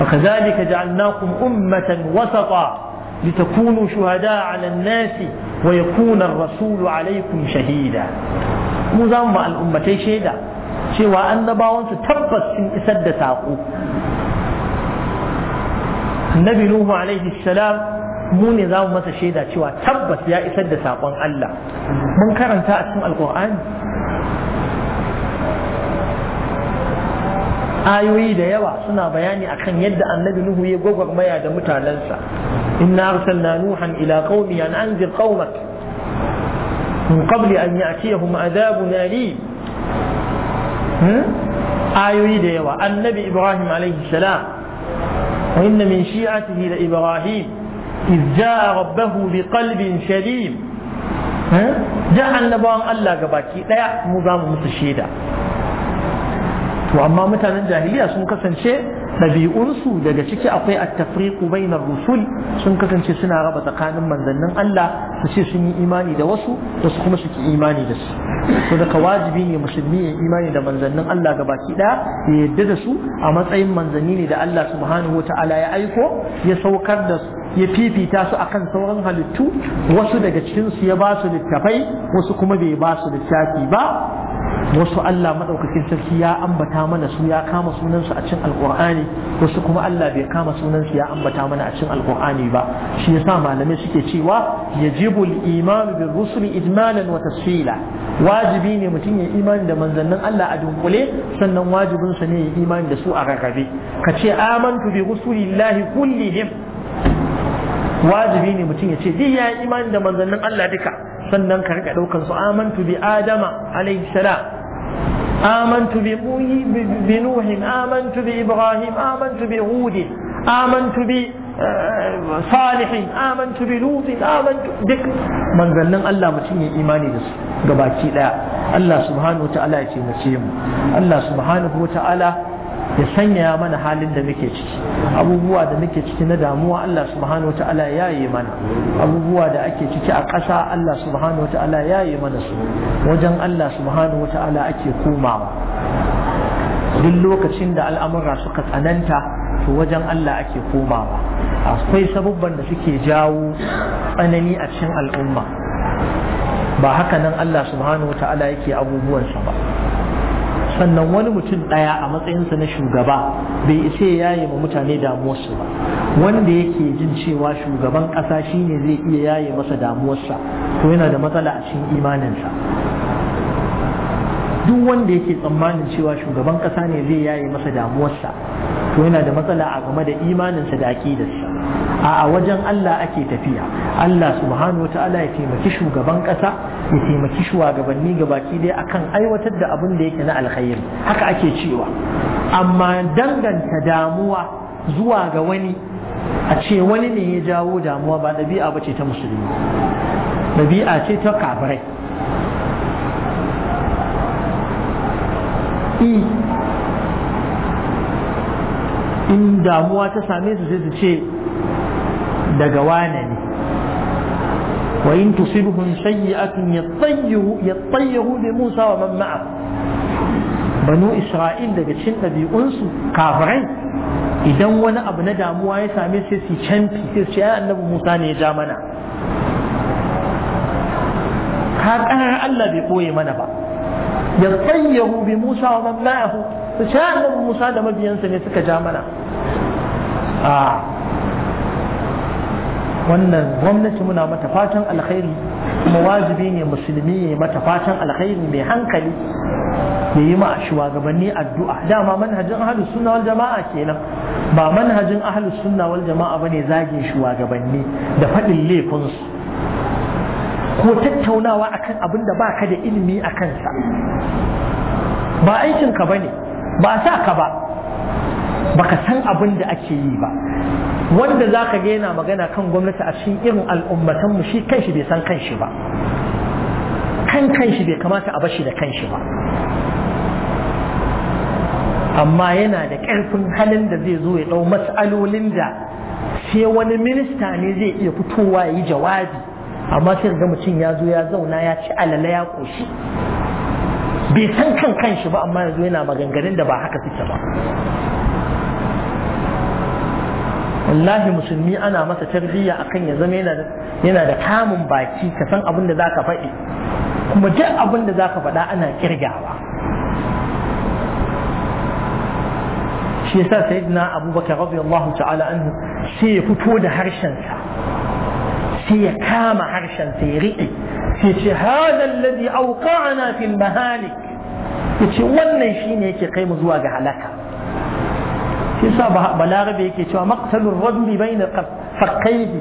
وكذلك جعلناكم أمة وسطا لتكونوا شهداء على الناس ويكون الرسول عليكم شهيدا mu za mu ma al'ummatai shaida cewa annabawansu tabbas sun isar da saƙo annabi nuhu alaihi salam mu ne za mu masa shaida cewa tabbas ya isar da saƙon Allah mun karanta a cikin alƙur'ani ayoyi da yawa suna bayani akan yadda annabi nuhu ya gwagwarmaya da mutanensa inna arsalna nuhan ila qaumi an anzir qaumak min qabli an ya'tiyahum adhabun alim hmm? ayoyi da yawa annabi ibrahim alaihi salam wa inna min shi'atihi la ibrahim إذ جاء ربه بقلب سليم جاء النبوان الله قباكي لا musu مسشيدا to amma mutanen jahiliya sun kasance ɗabi'unsu daga ciki akwai at-tafriqu bainar rusul sun kasance suna raba tsakanin manzannin Allah su ce sun yi imani da wasu da su kuma suke imani da su to daga wajibi ne musulmi ya imani da manzannin Allah baki ɗaya ya yadda da su a matsayin manzanni ne da Allah subhanahu Taala ya aiko ya saukar da ya fifita su akan sauran halittu wasu daga cikinsu ya ba su littafai wasu kuma bai ba su littafi ba wasu Allah maɗaukakin sarki ya ambata mana su ya kama sunansu a cin alƙur'ani wasu kuma Allah bai kama sunansu ya ambata mana a cin alƙur'ani ba shi yasa malamai suke cewa yajibu al-iman bil rusuli ijmalan wa tafsila wajibi ne mutum ya imani da manzannin Allah a dunkule sannan wajibinsa ne ya imani da su a rarrabe ka ce amantu bi rusulillahi kullihim wajibi ne mutum ya ce duk ya yi imani da manzannin Allah duka sannan ka rika ɗaukar su amantu bi adama alayhi salam amantu bi bi nuhin amantu bi ibrahim amantu bi hud amantu bi eh, salihin amantu bi lut amantu duk manzannin Allah mutum ya imani da su gabaki daya Allah subhanahu wa ta'ala ya ce mu Allah subhanahu wa ta'ala ya sanya mana halin da muke ciki abubuwa da muke ciki na damuwa Allah subhanahu wa ta'ala ya yi mana abubuwa da ake ciki a ƙasa Allah subhanahu wa ta'ala ya yi mana su wajen Allah subhanahu wa ta'ala ake komawa duk lokacin da al'amura suka tsananta to wajen Allah ake komawa akwai sabubban da suke jawo tsanani a cikin al'umma ba haka nan Allah subhanahu wa ta'ala yake abubuwansa ba sannan wani mutum ɗaya a matsayinsa na shugaba bai isa ya yi ma mutane damuwarsu ba wanda yake jin cewa shugaban ƙasa shine zai iya yaye masa damuwarsa to yana da matsala a cikin imaninsa duk wanda yake tsammanin cewa shugaban ƙasa ne zai yaye masa damuwarsa to yana da matsala a game da imaninsa da aƙidarsa a wajen Allah ake tafiya Allah subhanahu wa ta'ala ya taimaki shugaban ƙasa ke taimaki shugabanni gabaki dai akan aiwatar da abin da yake na alkhairi haka ake cewa amma danganta damuwa zuwa ga wani a ce wani ne ya jawo damuwa ba ɗabi'a ba ce ta musulmi ɗabi'a ce ta kafirai in damuwa ta same su sai su ce daga wane ne وإن تصبهم سيئة يطيروا يطيروا بموسى ومن معه banu isra'il daga cikin ɗabi'unsu kafirai idan wani abu na damuwa ya same sai canfi sai su musa ne ya ja mana ka ƙarar allah bai ɓoye mana ba ya tsayyahu bi musa wa annabi musa da mabiyansa ne suka ja mana wannan gwamnati muna mata fatan alkhairi kuma wajibi ne musulmi ne mata fatan alkhairi mai hankali ya yi ma shugabanni addu'a dama manhajin ahlus sunna wal jama'a kenan ba manhajin ahlus sunna wal jama'a bane zagin shugabanni da faɗin laifinsu ko tattaunawa akan abin da ba ka da ilimi a kansa ba aikinka ba ne ba sa ka ba baka san abin da ake yi ba wanda za ka yana magana kan gwamnati a cikin irin al'ummatanmu shi kan shi bai san kan shi ba kan kanshi bai kamata a bashi da kanshi ba amma yana da ƙarfin halin da zai zo ya ɗau matsalolin da sai wani minista ne zai iya fitowa ya yi jawabi amma sai ga mutum ya zo ya zauna ya ci alala ya ƙoshi bai san kan kanshi ba amma yanzu yana maganganun da ba haka suke ba wallahi musulmi ana masa tarbiyya akan ya zama yana da yana da kamun baki ka san abin da zaka faɗi kuma duk abin da zaka faɗa ana kirgawa shi yasa sayyidina abubakar radiyallahu ta'ala anhu sai ya fito da harshen sa sai ya kama harshen sa ya riƙe sai ce hadha alladhi awqa'ana fil mahalik yace wannan shine yake kai mu zuwa ga halaka shi sa balarabe yake cewa maqtalur rajuli bayna fakkaihi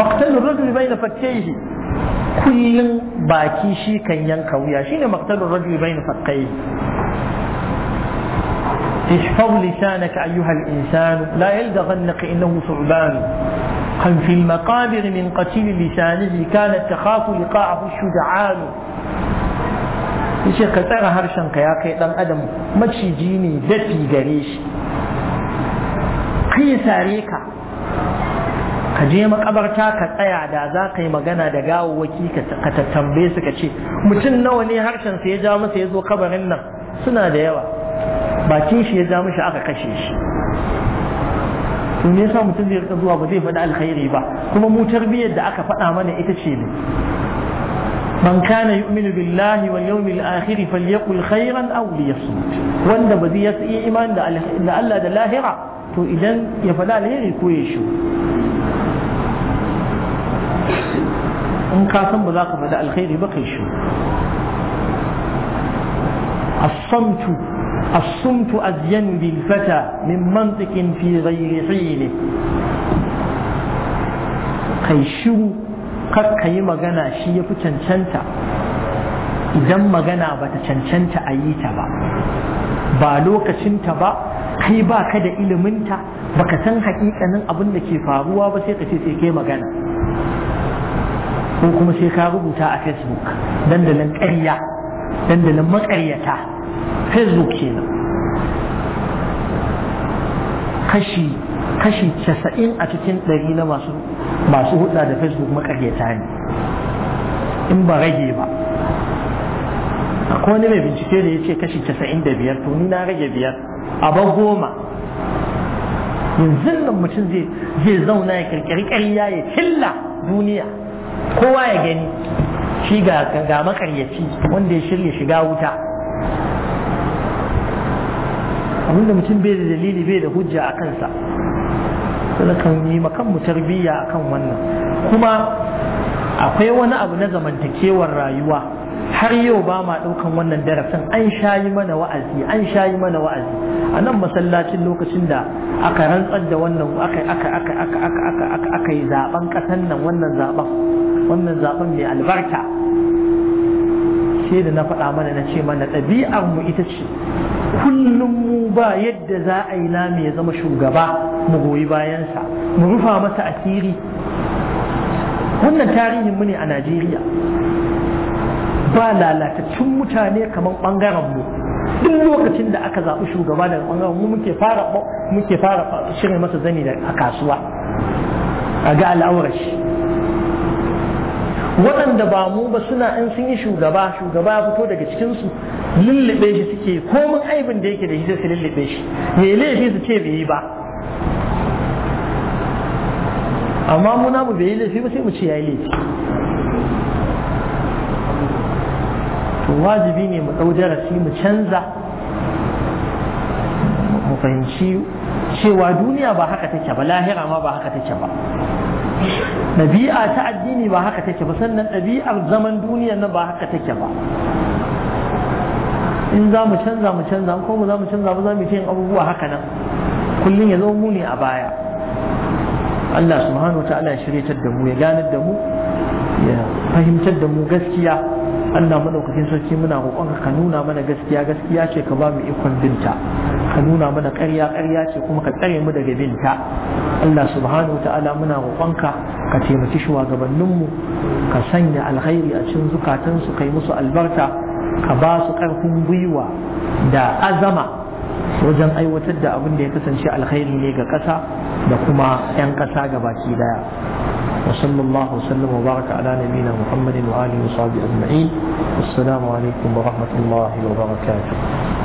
maqtalur rajuli bayna fakkaihi kullun baki shi kan yanka wuya shine maqtalur rajuli baina fakkaihi احفظ لسانك أيها الإنسان لا يلدغنك إنه ثعبان قم في المقابر من قتيل لسانه كانت تخاف لقاءه الشجعان yace ka tsara harshenka ya kai dan adam maciji ne dafi gare shi kai ya sare ka ka je makabarta ka tsaya da za ka yi magana da gawawwaki ka tattambe su ka ce mutum nawa ne harshen sa ya ja masa ya zo kabarin nan suna da yawa bakin shi ya ja mishi aka kashe shi to me yasa mutum zai rika zuwa ba zai faɗi alkhairi ba kuma mu tarbiyyar da aka faɗa mana ita ce ne man kana yu'minu billahi wal yawmil akhir falyaqul khairan aw liyasmut wanda ba zai yi imani da Allah da lahira to idan ya faɗa alheri ko ya shi in ka san ba za ka faɗa alheri ba kai shi الصمت الصمت أزين بالفتى من منطق في غير حينه kai shiru kakka yi magana shi ya fi cancanta idan magana ba ta cancanta a yi ta ba ba lokacinta ba kai ba ka da iliminta ka san hakikanin abin da ke faruwa ba sai ka ce sai kai magana ko kuma sai ka rubuta a facebook dandalin ƙarya dandalin maƙaryata facebook kenan kashi kashi casa'in a cikin ɗari na masu masu da facebook maƙaryata ne in ba rage ba akwai wani mai bincike da ya ce kashi casa'in da biyar to ni na rage biyar a goma yanzu nan mutum zai zauna ya kirkiri ƙarya ya killa duniya kowa ya gani shi ga makaryaci wanda ya shirya shiga wuta abinda mutum bai da dalili bai da hujja a kansa kan yi makan mu a kan wannan kuma akwai wani abu na zamantakewar rayuwa har yau ba ma ɗaukan wannan darasin an shayi mana wa'azi an shayi mana wa'azi a nan masallacin lokacin da aka rantsar da wannan aka aka aka aka aka aka aka aka yi zaben nan wannan zaben wannan zaben mai albarka sai da na faɗa mana na ce mana ɗabi'ar mu ita ce kullum mu ba yadda za a yi namu ya zama shugaba mu goyi bayansa mu rufa masa asiri wannan tarihin mu ne a Najeriya ba lalatattun mutane kamar ɓangaren mu duk lokacin da aka zaɓi shugaba daga ɓangaren mu muke fara muke fara shirya masa zani a kasuwa a ga al'aurashi waɗanda ba mu ba suna in sun yi shugaba shugaba fito daga cikinsu lullube shi suke komin aibin da yake da shi su lullube shi ya laifi su ce bai yi ba amma muna mu bai yi laifi ba sai mu ce ya yi laifi to wajibi ne mu ɗau darasi mu canza mu fahimci cewa duniya ba haka take ba lahira ma ba haka take ba ɗabi'a ta addini ba haka take ba sannan ɗabi'ar zaman duniya nan ba haka take ba in za mu canza mu canza ko mu za mu canza ba za mu yi abubuwa haka nan kullum ya zo mu ne a baya Allah subhanahu wa ta'ala ya shiryatar da mu ya ganar da mu ya fahimtar da mu gaskiya Allah madaukakin sarki muna roƙonka ka nuna mana gaskiya gaskiya ce ka ba mu ikon binta ka nuna mana ƙarya ƙarya ce kuma ka tsare mu daga binta Allah subhanahu ta'ala muna roƙonka ka taimaki shugabanninmu ka sanya alkhairi a cikin zukatansu kai musu albarka ka ba su ƙarfin gwiwa da azama wajen aiwatar da abin da ya kasance alkhairi ne ga ƙasa da kuma 'yan ƙasa gabaki daya musammanmahu sallama wa baraka ala nabina muhammadin wa alihi wa sahbihi ajma'in assalamu alaikum wa rahmatullahi wa barakatuh